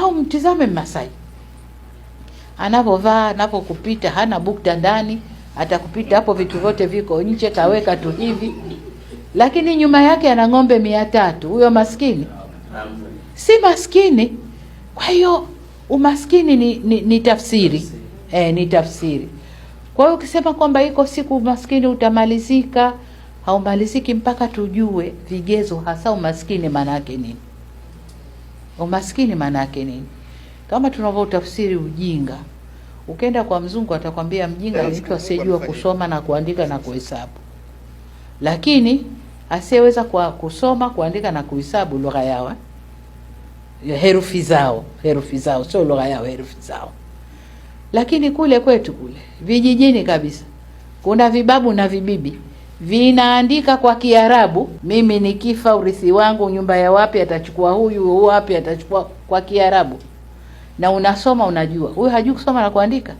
au mtizame Mmasai anapovaa, anapokupita, hana bukta ndani, atakupita hapo, vitu vyote viko nje, kaweka tu hivi, lakini nyuma yake ana ng'ombe mia tatu. Huyo maskini si maskini. Kwa hiyo umaskini ni, ni, ni tafsiri eh, ni tafsiri. Kwa hiyo ukisema kwamba iko siku umaskini utamalizika, haumaliziki mpaka tujue vigezo hasa umaskini maana yake nini. Umaskini maana yake nini? Kama tunavyotafsiri ujinga, ukenda kwa mzungu atakwambia mjinga ni eh, mtu asiyejua kusoma na kuandika na kuhesabu, lakini asiyeweza kwa kusoma kuandika na kuhesabu lugha yao eh, herufi zao herufi zao sio lugha yao, herufi zao. Lakini kule kwetu kule vijijini kabisa kuna vibabu na vibibi vinaandika kwa Kiarabu, mimi nikifa urithi wangu nyumba ya wapi atachukua huyu, wapi atachukua, kwa Kiarabu. Na unasoma unajua, huyu hajui kusoma na kuandika.